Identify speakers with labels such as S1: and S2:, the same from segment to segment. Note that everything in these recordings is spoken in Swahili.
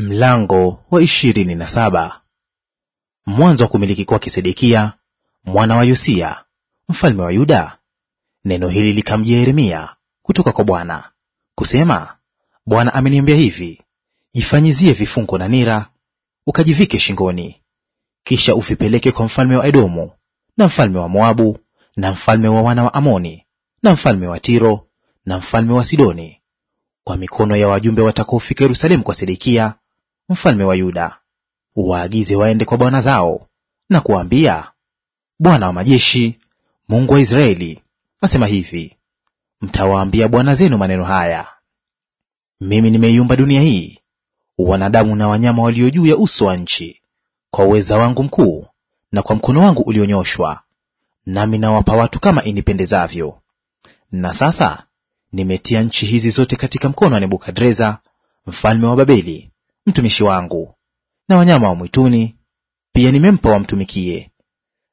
S1: Mlango wa ishirini na saba. Mwanzo wa kumiliki kwake Sedekia mwana wa Yosia mfalme wa Yuda, neno hili likamjia Yeremia kutoka kwa Bwana kusema, Bwana ameniambia hivi, jifanyizie vifungo na nira, ukajivike shingoni, kisha uvipeleke kwa mfalme wa Edomu na mfalme wa Moabu na mfalme wa wana wa Amoni na mfalme wa Tiro na mfalme wa Sidoni, kwa mikono ya wajumbe watakaofika Yerusalemu kwa Sedekia mfalme wa Yuda, uwaagize waende kwa bwana zao na kuwaambia, Bwana wa majeshi, Mungu wa Israeli asema hivi, mtawaambia bwana zenu maneno haya, mimi nimeiumba dunia hii, wanadamu na wanyama walio juu ya uso wa nchi, kwa uweza wangu mkuu na kwa mkono wangu ulionyoshwa, nami nawapa watu kama inipendezavyo. Na sasa nimetia nchi hizi zote katika mkono wa Nebukadreza mfalme wa Babeli mtumishi wangu, na wanyama wa mwituni pia nimempa wamtumikie.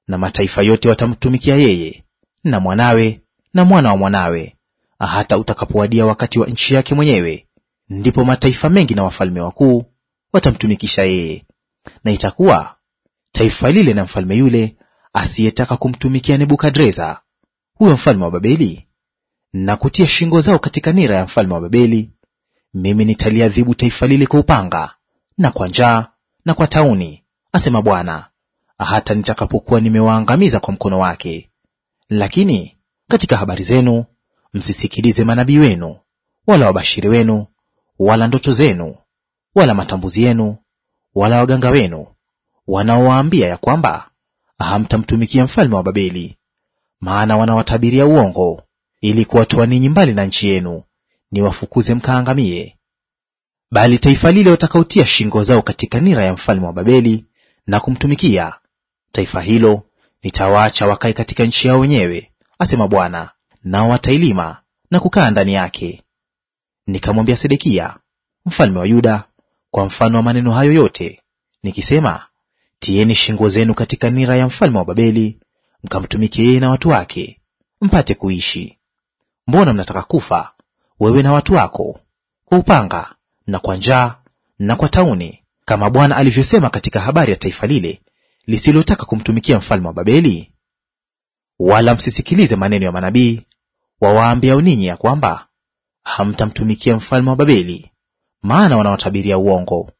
S1: Na mataifa yote watamtumikia yeye, na mwanawe na mwana wa mwanawe, hata utakapowadia wakati wa nchi yake mwenyewe; ndipo mataifa mengi na wafalme wakuu watamtumikisha yeye. Na itakuwa taifa lile na mfalme yule asiyetaka kumtumikia Nebukadreza huyo mfalme wa Babeli, na kutia shingo zao katika nira ya mfalme wa Babeli, mimi nitaliadhibu taifa lile kwa upanga na kwa njaa na kwa tauni, asema Bwana, hata nitakapokuwa nimewaangamiza kwa mkono wake. Lakini katika habari zenu msisikilize manabii wenu, wala wabashiri wenu, wala ndoto zenu, wala matambuzi yenu, wala waganga wenu, wanaowaambia ya kwamba hamtamtumikia mfalme wa Babeli; maana wanawatabiria uongo, ili kuwatoa ninyi mbali na nchi yenu, niwafukuze mkaangamie. Bali taifa lile watakaotia shingo zao katika nira ya mfalme wa Babeli na kumtumikia, taifa hilo nitawaacha wakae katika nchi yao wenyewe, asema Bwana, nao watailima na kukaa ndani yake. Nikamwambia Sedekia mfalme wa Yuda kwa mfano wa maneno hayo yote, nikisema, tieni shingo zenu katika nira ya mfalme wa Babeli, mkamtumikie yeye na watu wake, mpate kuishi. Mbona mnataka kufa, wewe na watu wako, kwa upanga na kwa njaa na kwa tauni, kama Bwana alivyosema katika habari ya taifa lile lisilotaka kumtumikia mfalme wa Babeli? Wala msisikilize maneno ya manabii wawaambiao ninyi ya kwamba hamtamtumikia mfalme wa Babeli, maana wanawatabiria uongo.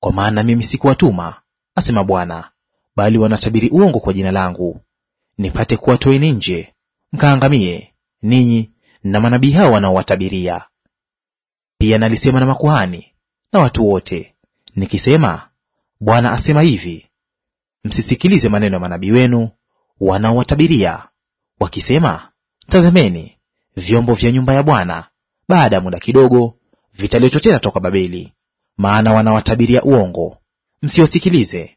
S1: Kwa maana mimi sikuwatuma, asema Bwana, bali wanatabiri uongo kwa jina langu, nipate kuwatoeni nje mkaangamie ninyi na manabii hao wanaowatabiria. Pia nalisema na makuhani na watu wote nikisema, Bwana asema hivi, msisikilize maneno ya manabii wenu wanaowatabiria wakisema, tazameni vyombo vya nyumba ya Bwana baada ya muda kidogo vitaletwa tena toka Babeli, maana wanawatabiria uongo. Msiwasikilize,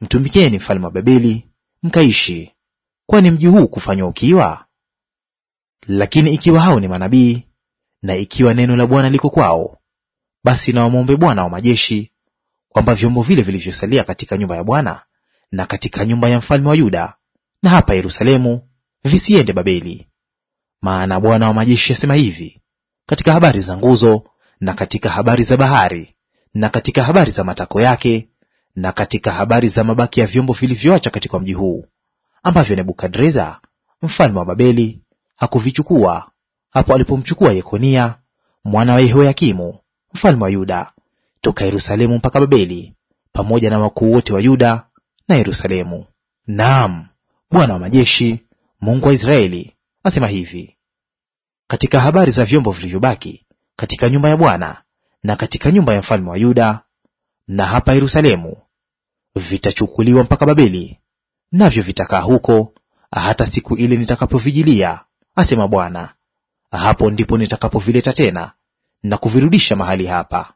S1: mtumikieni mfalme wa Babeli mkaishi. Kwani mji huu kufanywa ukiwa lakini ikiwa hao ni manabii na ikiwa neno la Bwana liko kwao, basi na wamwombe Bwana wa majeshi kwamba vyombo vile vilivyosalia katika nyumba ya Bwana na katika nyumba ya mfalme wa Yuda na hapa Yerusalemu visiende Babeli. Maana Bwana wa majeshi asema hivi katika habari za nguzo na katika habari za bahari na katika habari za matako yake na katika habari za mabaki ya vyombo vilivyoacha katika mji huu ambavyo Nebukadreza mfalme wa Babeli hakuvichukua hapo alipomchukua Yekonia mwana wa Yehoyakimu mfalme wa Yuda toka Yerusalemu mpaka Babeli, pamoja na wakuu wote wa Yuda na Yerusalemu. Naam, Bwana wa majeshi, Mungu wa Israeli asema hivi katika habari za vyombo vilivyobaki katika nyumba ya Bwana na katika nyumba ya mfalme wa Yuda na hapa Yerusalemu, vitachukuliwa mpaka Babeli, navyo vitakaa huko hata siku ile nitakapovijilia asema Bwana. Hapo ndipo nitakapovileta tena na kuvirudisha mahali hapa.